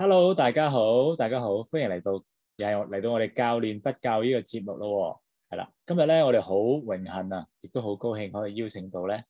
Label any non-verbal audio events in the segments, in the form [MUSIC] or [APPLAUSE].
Hello，大家好，大家好，歡迎嚟到，又係嚟到我哋教練不教呢個節目咯、哦。係啦，今日咧我哋好榮幸啊，亦都好高興可以邀請到咧誒、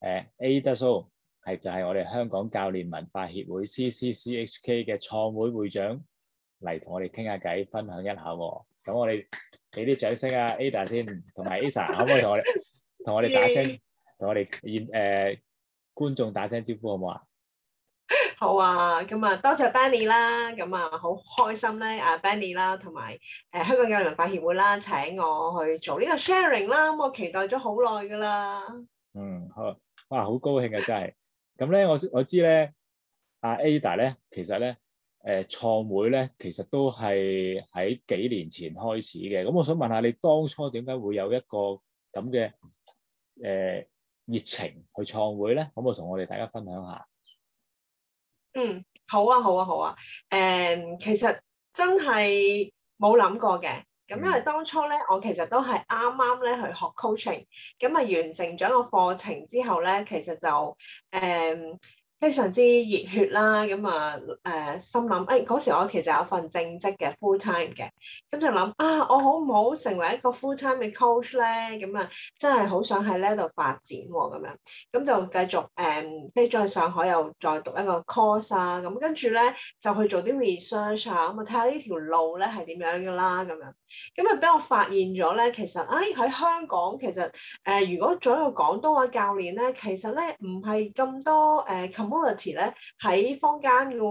呃、Ada 蘇、so, 係就係我哋香港教練文化協會 C C C H K 嘅創會會長嚟同我哋傾下偈，分享一下、哦。咁我哋俾啲掌聲啊 Ada 先，同埋 Ada 可唔可以同我哋同 [LAUGHS] 我哋打聲同我哋現誒觀眾打聲招呼好唔好啊？好啊，咁啊多謝 Benny 啦，咁啊好開心咧啊 Benny 啦，同埋誒香港教練文化協會啦請我去做呢個 sharing 啦，咁我期待咗好耐噶啦。嗯，好哇，好高興啊真係。咁、嗯、咧、 [LAUGHS] 嗯，我我知咧，阿 Ada 咧，其實咧誒、呃、創會咧，其實都係喺幾年前開始嘅。咁我想問下你當初點解會有一個咁嘅誒熱情去創會咧？可唔可以同我哋大家分享下？嗯，好啊，好啊，好啊，誒，其實真係冇諗過嘅，咁因為當初咧，我其實都係啱啱咧去學 coaching，咁、嗯、啊完成咗個課程之後咧，其實就誒。嗯非常之熱血啦，咁啊誒心諗，誒嗰時我其實有份正職嘅 full time 嘅，咁就諗啊，我好唔好成為一個 full time 嘅 coach 咧？咁啊，真係好想喺呢度發展喎，咁樣，咁就繼續誒飛咗去上海，又再讀一個 course 啊，咁跟住咧就去做啲 research 啊，咁啊睇下呢條路咧係點樣㗎啦，咁樣，咁啊俾我發現咗咧，其實誒喺、哎、香港其實誒、呃、如果做一個廣東話教練咧，其實咧唔係咁多誒，呃 Community 咧喺坊間嘅喎，咁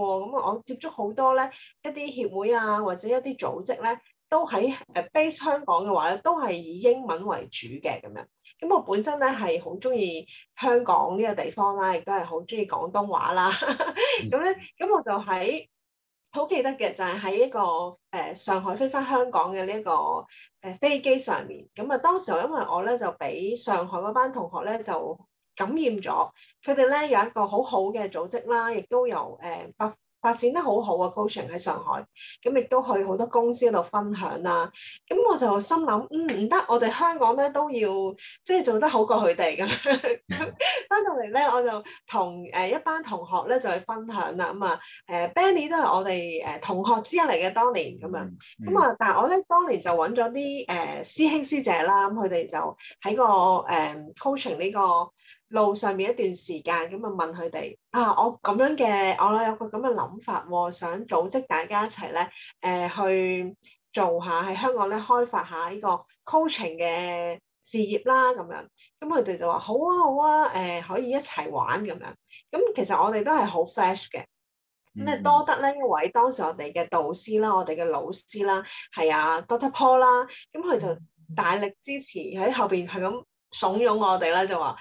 我接觸好多咧一啲協會啊，或者一啲組織咧，都喺誒、呃、base 香港嘅話咧，都係以英文為主嘅咁樣。咁我本身咧係好中意香港呢個地方啦，亦都係好中意廣東話啦。咁 [LAUGHS] 咧，咁我就喺好記得嘅就係、是、喺一個誒、呃、上海飛翻香港嘅呢、這個誒、呃、飛機上面。咁啊，當時候因為我咧就畀上海嗰班同學咧就。感染咗，佢哋咧有一個好好嘅組織啦，亦都有誒發、呃、發展得好好嘅 coaching 喺上海，咁亦都去好多公司度分享啦。咁我就心諗，嗯、唔得，我哋香港咧都要即係做得好過佢哋咁樣。翻 [LAUGHS] 到嚟咧，我就同誒一班同學咧就去分享啦。咁啊誒 Benny 都係我哋誒同學之一嚟嘅，當年咁樣。咁啊，但係我咧當年就揾咗啲誒師兄師姐啦，咁佢哋就喺個誒 coaching 呢個。呃路上面一段時間咁啊、嗯，問佢哋啊，我咁樣嘅，我有個咁嘅諗法喎，想組織大家一齊咧，誒、呃、去做下喺香港咧開發下呢個 coaching 嘅事業啦，咁樣。咁佢哋就話好啊，好啊，誒、呃、可以一齊玩咁樣。咁、嗯、其實我哋都係好 fresh 嘅。咁啊，多得呢一位當時我哋嘅導師啦，我哋嘅老師啦，係啊，Dr. Paul 啦。咁、嗯、佢就大力支持喺後邊係咁慫恿我哋啦，就話。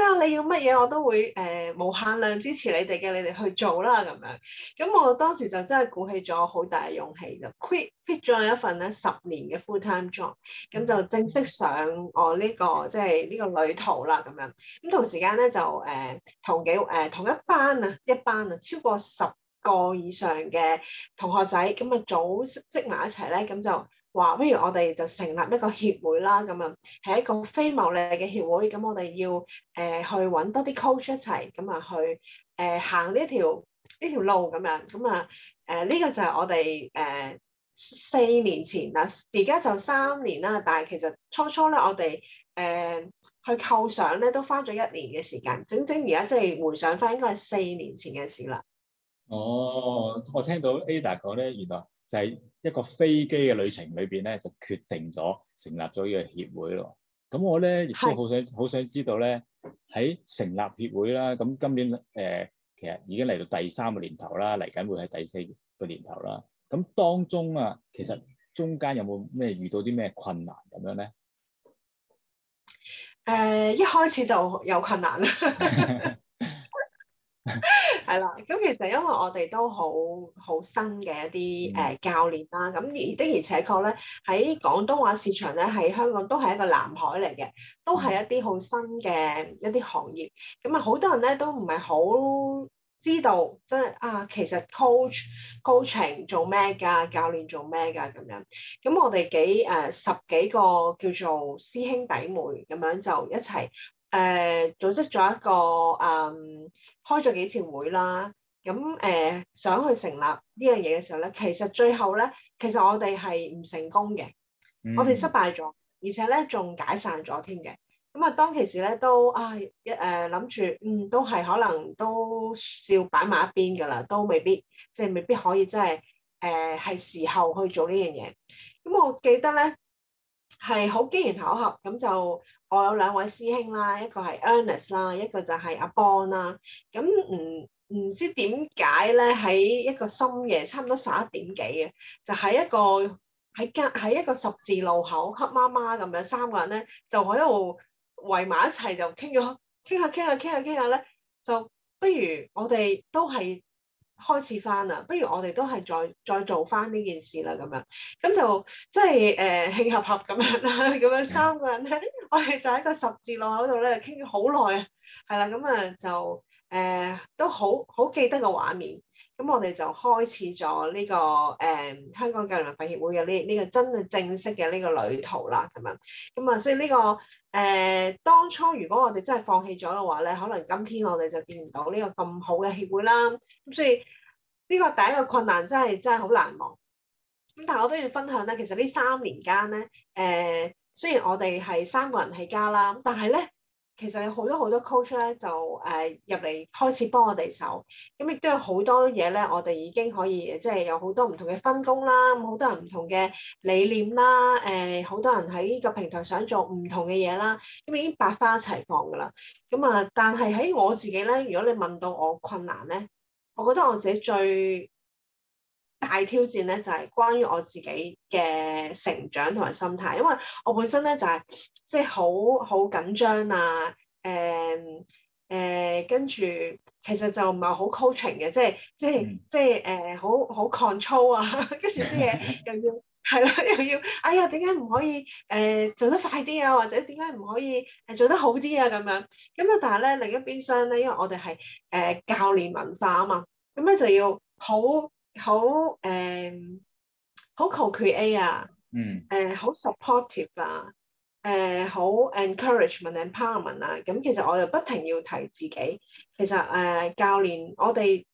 啊！你要乜嘢我都會，誒、呃、無限量支持你哋嘅，你哋去做啦咁樣。咁我當時就真係鼓起咗好大嘅勇氣就 quit 咗一份咧十年嘅 full time job，咁就正式上我呢、呢個即係呢個旅途啦咁樣。咁同時間咧就誒、呃、同幾誒、呃、同一班啊一班啊超過十個以上嘅同學仔咁啊組織積埋一齊咧咁就。話不如我哋就成立一個協會啦，咁樣係一個非牟利嘅協會，咁我哋要誒、呃、去揾多啲 coach 一齊，咁啊去誒行呢條呢條路咁樣，咁啊誒呢個就係我哋誒、呃、四年前啦，而家就三年啦，但係其實初初咧我哋誒、呃、去構想咧都花咗一年嘅時間，整整而家即係回想翻應該係四年前嘅事啦。哦，我聽到 Ada 講咧，原來。就係一個飛機嘅旅程裏邊咧，就決定咗成立咗呢個協會咯。咁我咧亦都好想好想知道咧，喺成立協會啦，咁今年誒、呃、其實已經嚟到第三個年頭啦，嚟緊會係第四個年頭啦。咁當中啊，其實中間有冇咩遇到啲咩困難咁樣咧？誒，uh, 一開始就有困難啦。 [LAUGHS] [LAUGHS] 係啦，咁其實因為我哋都好好新嘅一啲誒、呃、教練啦、啊，咁而的而且確咧喺廣東話市場咧，喺香港都係一個藍海嚟嘅，都係一啲好新嘅一啲行業，咁啊好多人咧都唔係好知道，即係啊其實 coach、coaching 做咩㗎，教練做咩㗎咁樣，咁我哋幾誒、呃、十幾個叫做師兄弟妹咁樣就一齊。誒、呃，組織咗一個，嗯，開咗幾次會啦。咁誒、呃，想去成立呢樣嘢嘅時候咧，其實最後咧，其實我哋係唔成功嘅，嗯、我哋失敗咗，而且咧仲解散咗添嘅。咁啊，當其時咧都，啊，一誒諗住，嗯，都係可能都照擺埋一邊噶啦，都未必，即係未必可以真，即、呃、係，誒，係時候去做呢樣嘢。咁我記得咧係好機緣巧合，咁就。我有兩位師兄啦，一個係 Ernest 啦，一個就係阿 Bon 啦。咁唔唔知點解咧，喺一個深夜，差唔多十一點幾嘅，就喺一個喺間喺一個十字路口，黑媽媽咁樣，三個人咧就喺度圍埋一齊，就傾咗傾下傾下傾下傾下咧，就不如我哋都係開始返啦，不如我哋都係再再做返呢件事啦，咁樣咁就即係誒慶合合咁樣啦，咁樣三個人 [LAUGHS] 我哋就喺個十字路口度咧傾咗好耐啊，係啦，咁啊就誒、呃、都好好記得個畫面。咁我哋就開始咗呢、這個誒、呃、香港教練文化協會嘅呢呢個真係正式嘅呢個旅途啦，咁樣。咁啊，所以呢、這個誒、呃、當初如果我哋真係放棄咗嘅話咧，可能今天我哋就見唔到呢個咁好嘅協會啦。咁所以呢個第一個困難真係真係好難忘。咁但係我都要分享咧，其實呢三年間咧誒。呃雖然我哋係三個人起家啦，但係咧，其實有好多好多 coach 咧就誒入嚟開始幫我哋手，咁亦都有好多嘢咧，我哋已經可以即係有好多唔同嘅分工啦，咁好多人唔同嘅理念啦，誒、呃、好多人喺呢個平台想做唔同嘅嘢啦，咁已經百花齊放㗎啦。咁啊，但係喺我自己咧，如果你問到我困難咧，我覺得我自己最～大挑戰咧就係、是、關於我自己嘅成長同埋心態，因為我本身咧就係即係好好緊張啊，誒、嗯、誒、嗯，跟住其實就唔係好 coaching 嘅，即係即係即係誒好好 control 啊，跟住啲嘢又要係咯， [LAUGHS] 又要哎呀點解唔可以誒、呃、做得快啲啊，或者點解唔可以誒、呃、做得好啲啊咁樣，咁咧但係咧另一邊廂咧，因為我哋係誒教練文化啊嘛，咁咧就要好。好誒、呃，好 co-create 啊，嗯，誒好 supportive 啊，誒好 encouragement and empowerment 啊，咁其實我就不停要提自己，其實誒、呃、教練，我哋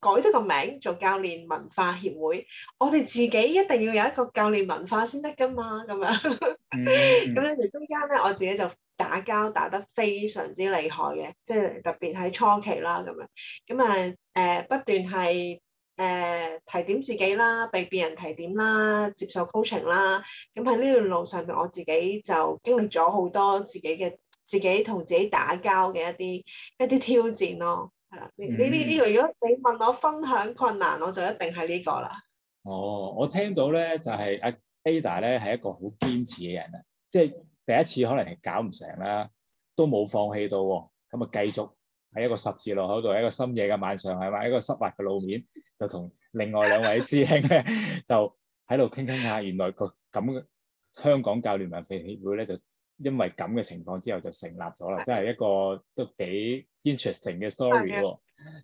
改咗個名做教練文化協會，我哋自己一定要有一個教練文化先得噶嘛，咁樣，咁咧就中間咧，我自己就打交打得非常之厲害嘅，即係特別喺初期啦，咁樣，咁啊誒不斷係。誒、呃，提點自己啦，被別人提點啦，接受 coaching 啦，咁喺呢段路上面，我自己就經歷咗好多自己嘅自己同自己打交嘅一啲一啲挑戰咯。係啦、嗯，你呢呢如果你問我分享困難，我就一定係呢個啦。哦，我聽到咧就係阿 Ada 咧係一個好堅持嘅人啊，即、就、係、是第一次可能係搞唔成啦，都冇放棄到，咁啊繼續。喺一個十字路口度，喺一個深夜嘅晚上，係嘛，一個濕滑嘅路面，就同另外兩位師兄咧，就喺度傾傾下。原來個咁嘅香港教練文化協會咧，就因為咁嘅情況之後就成立咗啦，即係一個都幾 interesting 嘅 story 喎。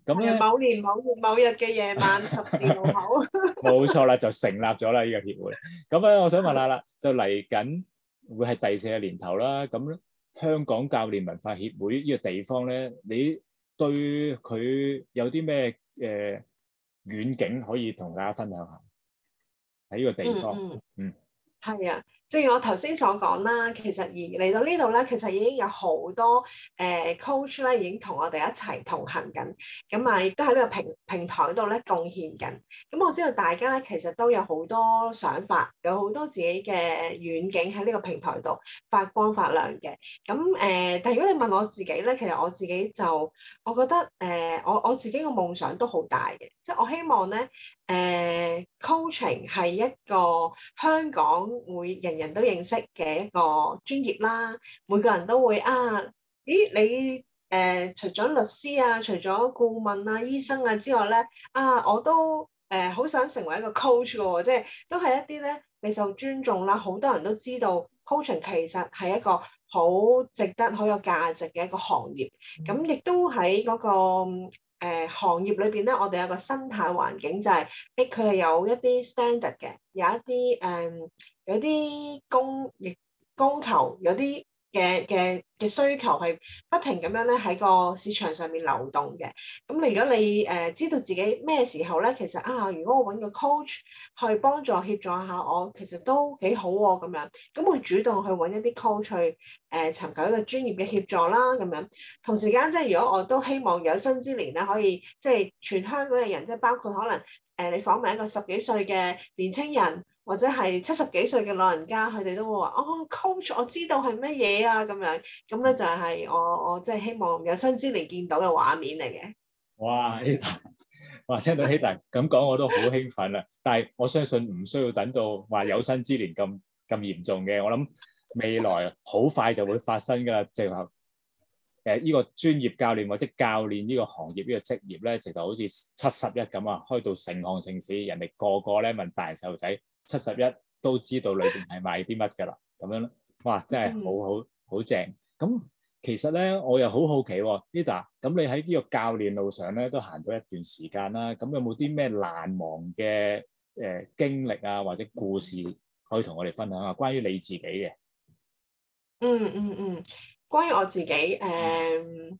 咁咧，某年某月某日嘅夜晚，十字路口，冇錯啦，就成立咗啦呢個協會。咁咧，我想問下啦，就嚟緊會係第四個年頭啦，咁。香港教練文化協會呢個地方咧，你對佢有啲咩誒遠景可以同大家分享下？喺呢個地方，嗯，係、嗯嗯、啊。正如我頭先所講啦，其實而嚟到呢度咧，其實已經有好多誒、呃、coach 咧，已經同我哋一齊同行緊，咁啊亦都喺呢個平平台度咧貢獻緊。咁、嗯、我知道大家咧其實都有好多想法，有好多自己嘅遠景喺呢個平台度發光發亮嘅。咁、嗯、誒、呃，但如果你問我自己咧，其實我自己就我覺得誒、呃，我我自己嘅夢想都好大嘅，即係我希望咧誒、呃、coaching 係一個香港會認人都認識嘅一個專業啦，每個人都會啊，咦你誒、呃、除咗律師啊，除咗顧問啊、醫生啊之外咧，啊我都誒好、呃、想成為一個 coach 喎、啊，即係都係一啲咧未受尊重啦，好多人都知道，coach 其實係一個好值得、好有價值嘅一個行業，咁亦都喺嗰、嗰個。誒、呃、行業裏邊咧，我哋有個生態環境就係、是，誒佢係有一啲 standard 嘅，有一啲誒有啲供業供求，有啲，工嘅嘅嘅需求係不停咁樣咧喺個市場上面流動嘅。咁你如果你誒知道自己咩時候咧，其實啊，如果我揾個 coach 去幫助協助下我，其實都幾好喎咁樣。咁會主動去揾一啲 coach 去誒尋求一個專業嘅協助啦咁樣。同時間即係如果我都希望有生之年咧，可以即係全香港嘅人，即係包括可能誒、呃、你訪問一個十幾歲嘅年青人。或者係七十幾歲嘅老人家，佢哋都會話：哦，coach，我知道係乜嘢啊咁樣。咁咧就係我我即係希望有生之年見到嘅畫面嚟嘅。哇，希達，哇，聽到希達咁講我都好興奮啦！但係我相信唔需要等到話有生之年咁咁嚴重嘅，我諗未來好快就會發生㗎啦，最後。誒，呢個專業教練或者教練呢個行業呢個職業咧，直頭好似七十一咁啊，開到成行成市，人哋個個咧問大人細路仔七十一都知道裏邊係賣啲乜噶啦，咁樣咯，哇，真係好好好正。咁其實咧，我又好好奇喎，Ada，咁你喺呢個教練路上咧都行咗一段時間啦，咁有冇啲咩難忘嘅誒經歷啊，或者故事可以同我哋分享啊？關於你自己嘅。嗯嗯嗯。關於我自己，誒、嗯，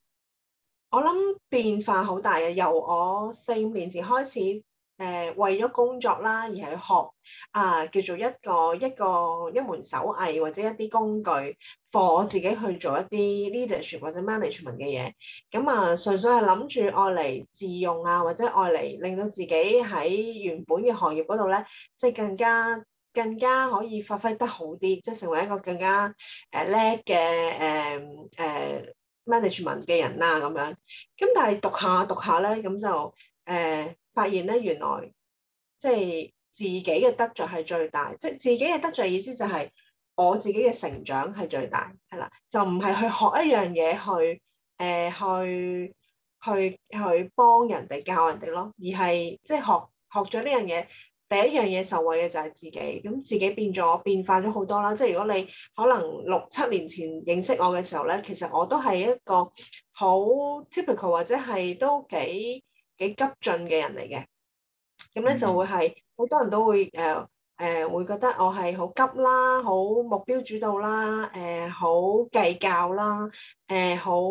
我諗變化好大嘅。由我四五年前開始，誒、呃，為咗工作啦，而係學啊，叫做一個一個一門手藝或者一啲工具課，我自己去做一啲 leadership 或者 management 嘅嘢。咁啊，純粹係諗住愛嚟自用啊，或者愛嚟令到自己喺原本嘅行業嗰度咧，即係更加。更加可以發揮得好啲，即係成為一個更加誒叻嘅誒誒 management 嘅人啦、啊、咁樣。咁但係讀下讀下咧，咁就誒、呃、發現咧，原來即係、就係、自己嘅得著係最大。即係自己嘅得著意思就係我自己嘅成長係最大，係啦，就唔係去學一樣嘢去誒、呃、去去去幫人哋教人哋咯，而係即係學學咗呢樣嘢，第一樣嘢受惠嘅就係自己，咁自己變咗變化咗好多啦。即係如果你可能六七年前認識我嘅時候咧，其實我都係一個好 typical 或者係都幾幾急進嘅人嚟嘅，咁咧就會係好、mm hmm. 多人都會誒。Uh, 誒會覺得我係好急啦，好目標主導啦，誒好計較啦，誒好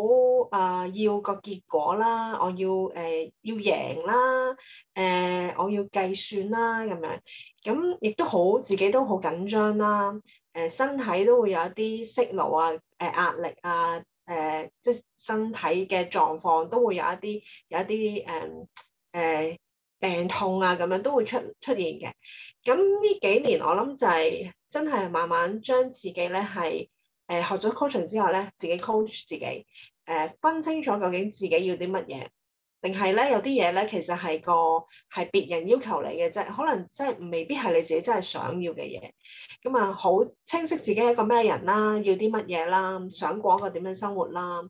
啊要個結果啦，我要誒、呃、要贏啦，誒、呃、我要計算啦咁樣，咁亦都好自己都好緊張啦，誒、呃、身體都會有一啲息怒啊，誒、呃、壓力啊，誒、呃、即身體嘅狀況都會有一啲有一啲誒誒。呃呃病痛啊，咁樣都會出出現嘅。咁呢幾年我諗就係、是、真係慢慢將自己咧係誒學咗 coaching 之後咧，自己 coach 自己誒、呃、分清楚究竟自己要啲乜嘢，定係咧有啲嘢咧其實係個係別人要求你嘅啫，可能即係未必係你自己真係想要嘅嘢。咁啊，好清晰自己係一個咩人啦，要啲乜嘢啦，想過一個點樣生活啦。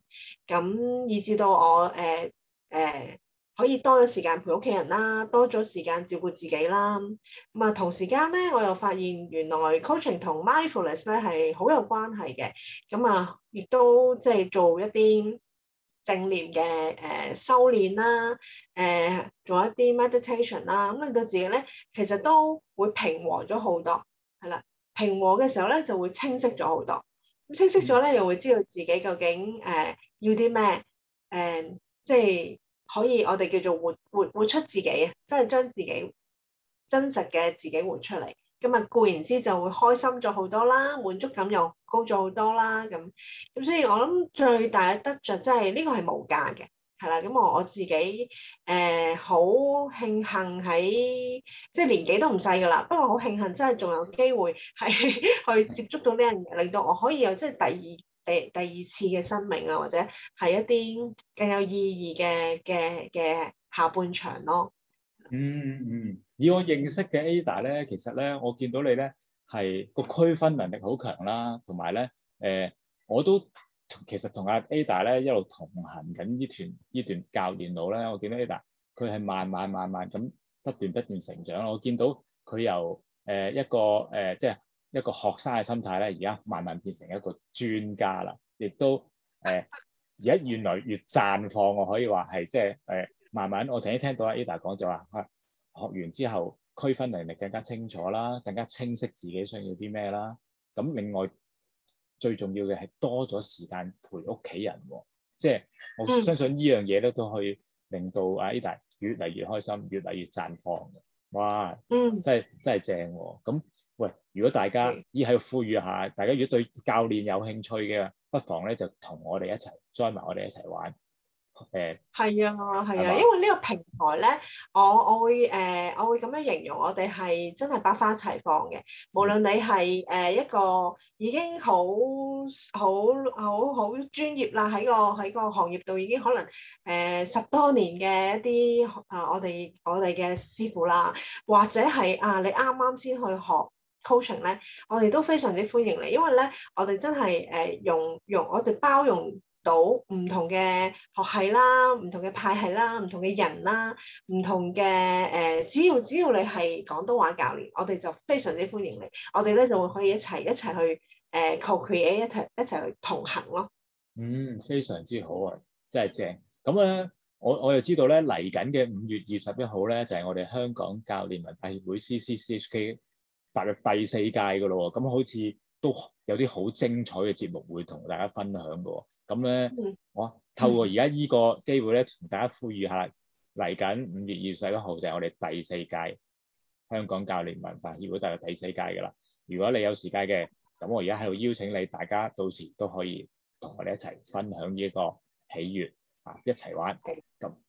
咁以至到我誒誒。呃呃可以多咗時間陪屋企人啦，多咗時間照顧自己啦。咁、嗯、啊，同時間咧，我又發現原來 coaching 同 mindfulness 咧係好有關係嘅。咁、嗯、啊，亦都即係做一啲正念嘅誒、呃、修煉啦，誒、呃、做一啲 meditation 啦、嗯。咁令到自己咧，其實都會平和咗好多。係啦，平和嘅時候咧，就會清晰咗好多。咁清晰咗咧，又會知道自己究竟誒、呃、要啲咩誒，即係。可以我哋叫做活活活出自己啊，即係將自己真實嘅自己活出嚟，咁啊固然之就會開心咗好多啦，滿足感又高咗好多啦，咁咁所以我諗最大嘅得着即係呢個係無價嘅，係啦，咁我我自己誒好、呃、慶幸喺即係年紀都唔細噶啦，不過好慶幸真係仲有機會係 [LAUGHS] 去接觸到呢樣嘢，令到我可以有即係、就是、第二。第第二次嘅生命啊，或者係一啲更有意義嘅嘅嘅下半場咯。嗯嗯，以我認識嘅 Ada 咧，其實咧我見到你咧係個區分能力好強啦，同埋咧誒我都其實同阿 Ada 咧一路同行緊呢段呢段教練路咧，我見到 Ada 佢係慢慢慢慢咁不斷不斷成長，我見到佢由誒、呃、一個誒、呃、即係。一個學生嘅心態咧，而家慢慢變成一個專家啦，亦都誒，而、呃、家越來越綻放，我可以話係即係誒，慢慢我頭先聽到阿 Ada 講就話、呃，學完之後區分能力更加清楚啦，更加清晰自己想要啲咩啦。咁另外最重要嘅係多咗時間陪屋企人、哦，即、就、係、是、我相信呢樣嘢咧都可以令到阿 Ada 越嚟越開心，越嚟越綻放。哇，真係真係正喎、哦！咁喂，如果大家依喺度呼籲下，大家如果對教練有興趣嘅，不妨咧就同我哋一齊 join 埋我哋一齊玩。誒、呃，係啊，係啊，吧因為呢個平台咧，我我會誒，我會咁、呃、樣形容，我哋係真係百花齊放嘅。無論你係誒、呃、一個已經好好好好專業啦，喺個喺個行業度已經可能誒、呃、十多年嘅一啲啊、呃，我哋我哋嘅師傅啦，或者係啊，你啱啱先去學，coaching 咧，我哋都非常之歡迎你，因為咧，我哋真係誒、呃、用用，我哋包容到唔同嘅學系啦，唔同嘅派系啦，唔同嘅人啦，唔同嘅誒、呃，只要只要你係廣東話教練，我哋就非常之歡迎你。我哋咧就會可以一齊一齊去誒、呃、co-create 一齊一齊去同行咯。嗯，非常之好啊，真係正咁咧、啊。我我哋知道咧嚟緊嘅五月二十一號咧就係、是、我哋香港教練文化協會 C C C H K。踏入第四屆噶咯，咁好似都有啲好精彩嘅節目會同大家分享噶。咁咧、嗯、我透過而家呢個機會咧，同大家呼籲下，嚟緊五月二十一號就係我哋第四屆香港教練文化協會踏入第四屆噶啦。如果你有時間嘅，咁我而家喺度邀請你，大家到時都可以同我哋一齊分享依個喜悅。啊！一齊玩，咁是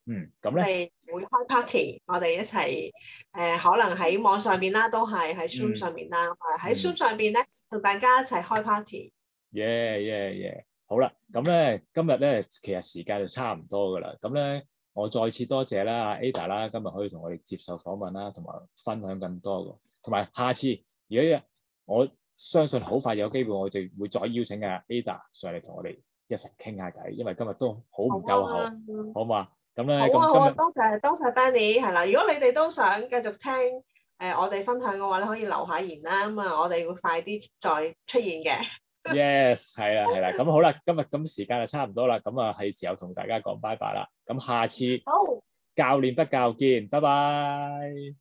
嗯咁咧，我哋會開 party，我哋一齊誒、呃，可能喺網上面啦，都係喺 Zoom 上面啦，同喺 Zoom 上面咧，同、嗯、大家一齊開 party。耶耶耶，好啦，咁咧今日咧，其實時間就差唔多噶啦。咁咧，我再次多謝啦 Ada 啦，今日可以同我哋接受訪問啦，同埋分享更多。同埋下次，如果我相信好快有機會，我就會再邀請阿 Ada 上嚟同我哋。一齊傾下偈，因為今日都好唔夠好，好嘛？咁咧，今日多謝多謝 Benny，係啦。如果你哋都想繼續聽誒我哋分享嘅話咧，可以留下言啦。咁啊，我哋會快啲再出現嘅。Yes，係啦，係啦。咁好啦，今日咁時間就差唔多啦。咁啊，係時候同大家講拜拜啦。咁下次教練不教見，拜拜。